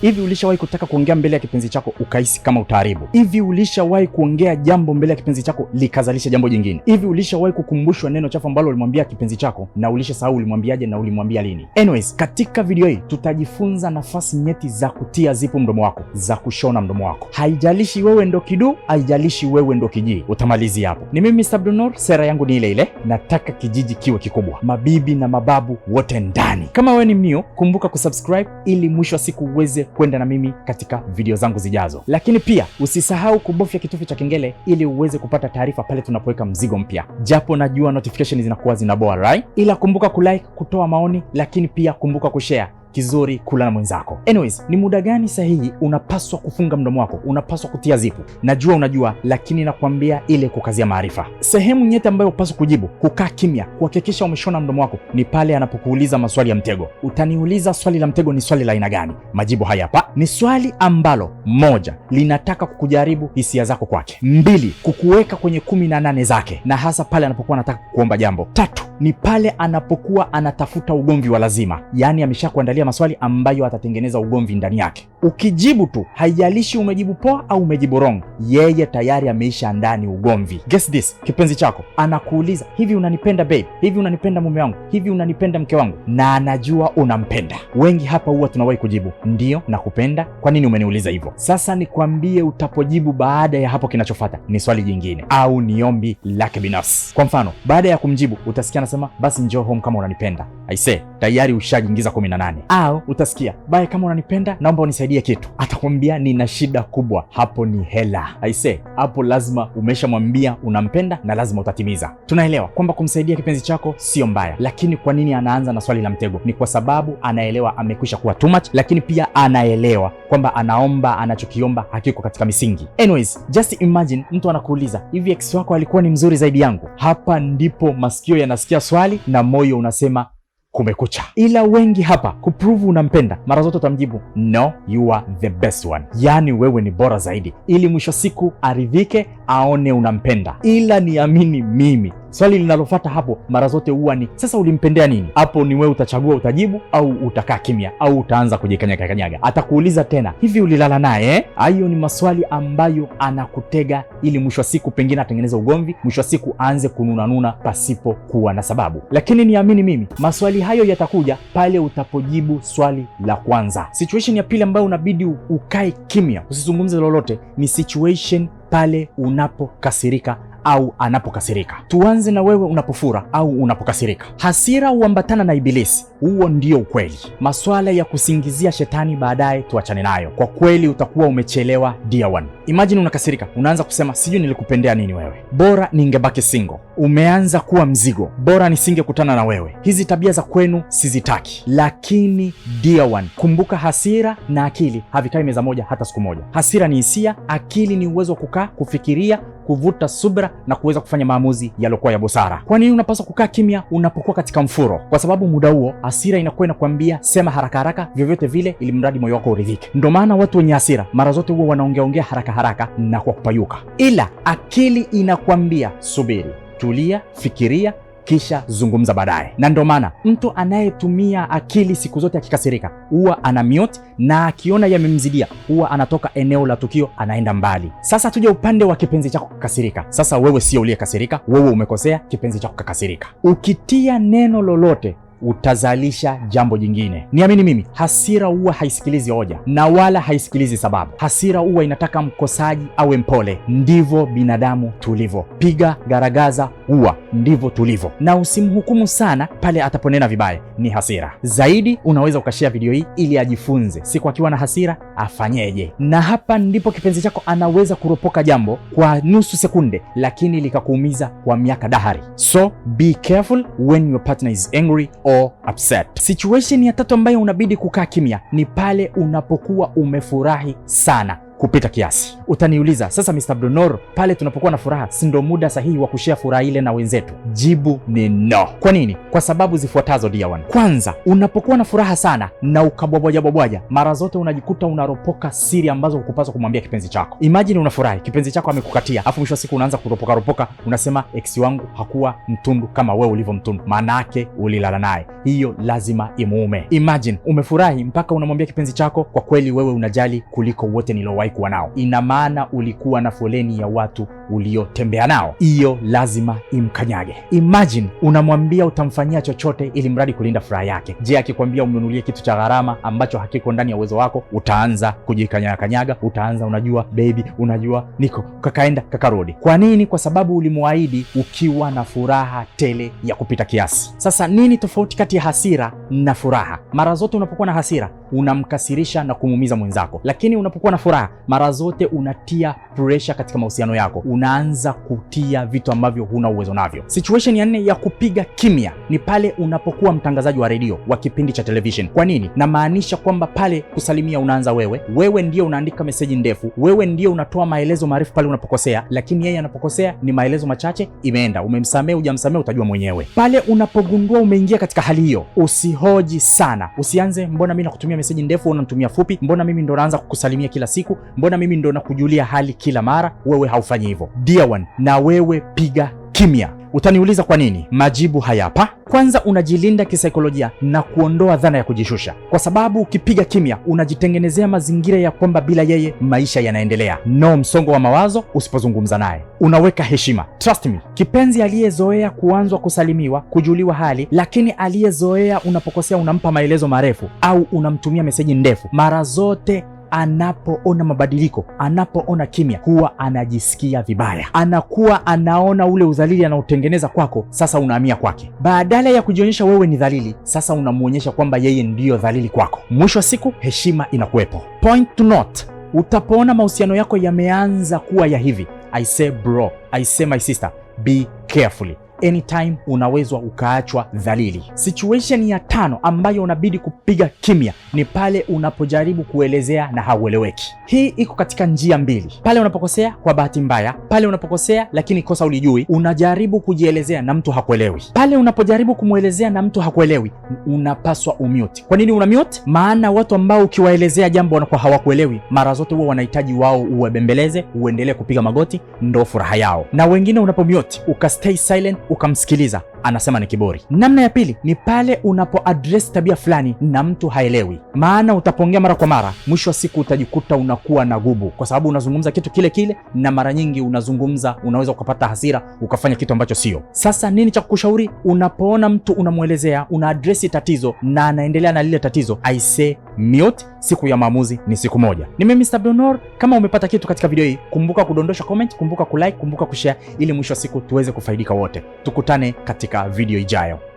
Hivi ulishawahi kutaka kuongea mbele ya kipenzi chako ukahisi kama utaharibu? Hivi ulishawahi kuongea jambo mbele ya kipenzi chako likazalisha jambo jingine? Hivi ulishawahi kukumbushwa neno chafu ambalo ulimwambia kipenzi chako na ulishasahau ulimwambiaje na ulimwambia lini? Anyways, katika video hii tutajifunza nafasi nyeti za kutia zipu mdomo wako, za kushona mdomo wako. Haijalishi wewe ndo kidu, haijalishi wewe ndo kijii, utamalizia hapo. Ni mimi Sabdunur, sera yangu ni ile ile, nataka kijiji kiwe kikubwa, mabibi na mababu wote ndani. Kama wewe ni mnio, kumbuka kusubscribe ili mwisho wa siku uweze uweze kwenda na mimi katika video zangu zijazo. Lakini pia usisahau kubofya kitufe cha kengele ili uweze kupata taarifa pale tunapoweka mzigo mpya, japo najua notification zinakuwa zinaboa, right? Ila kumbuka kulike, kutoa maoni, lakini pia kumbuka kushare kizuri kula na mwenzako. Anyways, ni muda gani sahihi unapaswa kufunga mdomo wako, unapaswa kutia zipu? Najua unajua, lakini nakwambia ile kukazia maarifa. Sehemu nyeti ambayo upaswa kujibu, kukaa kimya, kuhakikisha umeshona mdomo wako ni pale anapokuuliza maswali ya mtego. Utaniuliza swali la mtego ni swali la aina gani? Majibu haya hapa. Ni swali ambalo moja, linataka kukujaribu hisia zako kwake; mbili, kukuweka kwenye kumi na nane zake, na hasa pale anapokuwa anataka kuomba jambo; tatu ni pale anapokuwa anatafuta ugomvi wa lazima, yaani ameshakuandalia maswali ambayo atatengeneza ugomvi ndani yake. Ukijibu tu, haijalishi umejibu poa au umejibu wrong, yeye tayari ameisha ndani ugomvi. Guess this, kipenzi chako anakuuliza hivi, unanipenda babe? Hivi unanipenda mume wangu? Hivi unanipenda mke wangu? Na anajua unampenda. Wengi hapa huwa tunawahi kujibu ndio, nakupenda, kwa nini umeniuliza hivyo? Sasa nikwambie, utapojibu baada ya hapo, kinachofata ni swali jingine au ni ombi lake binafsi. Kwa mfano, baada ya kumjibu utasikia anasema basi njoo home kama unanipenda. say tayari ushajiingiza 18. Au utasikia bae, kama unanipenda naomba unisaidie kitu, atakwambia nina shida kubwa. Hapo ni hela. say hapo lazima umeshamwambia unampenda na lazima utatimiza. Tunaelewa kwamba kumsaidia kipenzi chako sio mbaya, lakini kwa nini anaanza na swali la mtego? Ni kwa sababu anaelewa amekwisha kuwa too much, lakini pia anaelewa kwamba anaomba anachokiomba hakiko katika misingi. Anyways, just imagine mtu anakuuliza hivi, ex wako alikuwa ni mzuri zaidi yangu? Hapa ndipo masikio yanasikia swali na moyo unasema kumekucha. Ila wengi hapa kupruvu unampenda, mara zote utamjibu no you are the best one, yaani wewe ni bora zaidi, ili mwisho siku aridhike, aone unampenda. Ila niamini mimi Swali linalofuata hapo mara zote huwa ni sasa, ulimpendea nini? Hapo ni wewe utachagua, utajibu au utakaa kimya au utaanza kujikanyaga kanyaga. Atakuuliza tena, hivi ulilala naye? Eh? Hayo ni maswali ambayo anakutega ili mwisho wa siku pengine atengeneze ugomvi, mwisho wa siku aanze kununanuna pasipo kuwa na sababu. Lakini niamini mimi, maswali hayo yatakuja pale utapojibu swali la kwanza. Situation ya pili ambayo unabidi ukae kimya, usizungumze lolote ni situation pale unapokasirika au anapokasirika. Tuanze na wewe unapofura au unapokasirika. Hasira huambatana na Ibilisi, huo ndio ukweli. Maswala ya kusingizia shetani baadaye tuachane nayo, kwa kweli utakuwa umechelewa dear one. Imagine unakasirika, unaanza kusema sijui nilikupendea nini wewe, bora ningebaki single. Umeanza kuwa mzigo, bora nisingekutana na wewe. Hizi tabia za kwenu sizitaki, lakini dear one, kumbuka hasira na akili havikai meza moja hata siku moja. Hasira ni hisia, akili ni uwezo wa kukaa kufikiria kuvuta subra na kuweza kufanya maamuzi yaliokuwa ya busara. Kwa nini unapaswa kukaa kimya unapokuwa katika mfuro? Kwa sababu muda huo hasira inakuwa inakuambia sema haraka haraka vyovyote vile, ili mradi moyo wako uridhike. Ndio maana watu wenye hasira mara zote huwa wanaongeaongea haraka haraka na kwa kupayuka, ila akili inakuambia subiri, tulia, fikiria kisha zungumza baadaye. Na ndio maana mtu anayetumia akili siku zote akikasirika huwa ana mute, na akiona yamemzidia huwa anatoka eneo la tukio, anaenda mbali. Sasa tuje upande wa kipenzi chako kukasirika. Sasa wewe sio uliyekasirika, wewe umekosea, kipenzi chako kakasirika. Ukitia neno lolote utazalisha jambo jingine. Niamini mimi, hasira huwa haisikilizi hoja na wala haisikilizi sababu. Hasira huwa inataka mkosaji awe mpole. Ndivyo binadamu tulivyo, piga garagaza huwa ndivyo tulivyo, na usimhukumu sana pale ataponena vibaya, ni hasira zaidi. Unaweza ukashea video hii ili ajifunze siku akiwa na hasira afanyeje, na hapa ndipo kipenzi chako anaweza kuropoka jambo kwa nusu sekunde, lakini likakuumiza kwa miaka dahari. So be careful when your partner is angry or upset. Situation ya tatu ambayo unabidi kukaa kimya ni pale unapokuwa umefurahi sana kupita kiasi. Utaniuliza sasa, Mr. Abdunnoor, pale tunapokuwa na furaha, si ndo muda sahihi wa kushea furaha ile na wenzetu? Jibu ni no. Kwa nini? Kwa sababu zifuatazo dear one. Kwanza, unapokuwa na furaha sana na ukabwabwaja bwabwaja, mara zote unajikuta unaropoka siri ambazo hukupaswa kumwambia kipenzi chako. Imagine unafurahi, kipenzi chako amekukatia, afu mwisho wa siku unaanza kuropoka ropoka, unasema ex wangu hakuwa mtundu kama wewe ulivyo mtundu, maana yake ulilala naye. Hiyo lazima imuume. Imagine umefurahi mpaka unamwambia kipenzi chako, kwa kweli wewe unajali kuliko wote niliowahi kuwa nao. Ina maana ulikuwa na foleni ya watu uliotembea nao, hiyo lazima imkanyage. Imagine unamwambia utamfanyia chochote ili mradi kulinda furaha yake. Je, akikwambia umnunulie kitu cha gharama ambacho hakiko ndani ya uwezo wako, utaanza kujikanyaga kanyaga, utaanza unajua, baby, unajua niko kakaenda kakarudi. Kwa nini? Kwa sababu ulimwahidi ukiwa na furaha tele ya kupita kiasi. Sasa nini tofauti kati ya hasira na furaha? Mara zote unapokuwa na hasira unamkasirisha na kumuumiza mwenzako, lakini unapokuwa na furaha mara zote unatia presha katika mahusiano yako unaanza kutia vitu ambavyo huna uwezo navyo. Situation ya nne ya kupiga kimya ni pale unapokuwa mtangazaji wa redio wa kipindi cha television. Kwa nini namaanisha kwamba pale kusalimia unaanza wewe, wewe ndio unaandika meseji ndefu, wewe ndio unatoa maelezo marefu pale unapokosea, lakini yeye anapokosea ni maelezo machache, imeenda. Umemsamehe hujamsamehe, utajua mwenyewe. Pale unapogundua umeingia katika hali hiyo, usihoji sana, usianze mbona mimi nakutumia meseji ndefu unanitumia fupi, mbona mimi ndo naanza kukusalimia kila siku, mbona mimi ndo nakujulia hali kila mara. Wewe haufanyi hivyo dear one, na wewe piga kimya. Utaniuliza kwa nini? Majibu hayapa. Kwanza, unajilinda kisaikolojia na kuondoa dhana ya kujishusha, kwa sababu ukipiga kimya unajitengenezea mazingira ya kwamba bila yeye maisha yanaendelea. No msongo wa mawazo usipozungumza naye. Unaweka heshima. Trust me, kipenzi aliyezoea kuanzwa, kusalimiwa, kujuliwa hali, lakini aliyezoea unapokosea unampa maelezo marefu au unamtumia meseji ndefu, mara zote anapoona mabadiliko, anapoona kimya, huwa anajisikia vibaya, anakuwa anaona ule udhalili anaotengeneza kwako, sasa unahamia kwake. Badala ya kujionyesha wewe ni dhalili, sasa unamwonyesha kwamba yeye ndiyo dhalili kwako. Mwisho wa siku heshima inakuwepo. Point to note, utapoona mahusiano yako yameanza kuwa ya hivi, I say bro, I say my sister, be carefully anytime unawezwa ukaachwa dhalili. Situation ya tano ambayo unabidi kupiga kimya ni pale unapojaribu kuelezea na haueleweki. Hii iko katika njia mbili, pale unapokosea kwa bahati mbaya, pale unapokosea lakini kosa ulijui, unajaribu kujielezea na mtu hakuelewi. Pale unapojaribu kumwelezea na mtu hakuelewi, unapaswa umute. Kwa nini una mute? Maana watu ambao ukiwaelezea jambo wanakuwa hawakuelewi, mara zote huwa wanahitaji wao uwebembeleze, uendelee kupiga magoti, ndo furaha yao. Na wengine unapomute ukastay silent ukamsikiliza anasema ni kiburi. Namna ya pili ni pale unapo address tabia fulani na mtu haelewi, maana utapongea mara kwa mara, mwisho wa siku utajikuta unakuwa na gubu, kwa sababu unazungumza kitu kile kile, na mara nyingi unazungumza, unaweza ukapata hasira ukafanya kitu ambacho sio. Sasa nini cha kukushauri? Unapoona mtu unamwelezea, una address tatizo na anaendelea na lile tatizo, I say mute. Siku ya maamuzi ni siku moja. Ni mimi Mr. Donor. Kama umepata kitu katika video hii, kumbuka kudondosha comment, kumbuka kulike, kumbuka kushare, ili mwisho wa siku tuweze kufaidika wote. Tukutane katika katika video ijayo.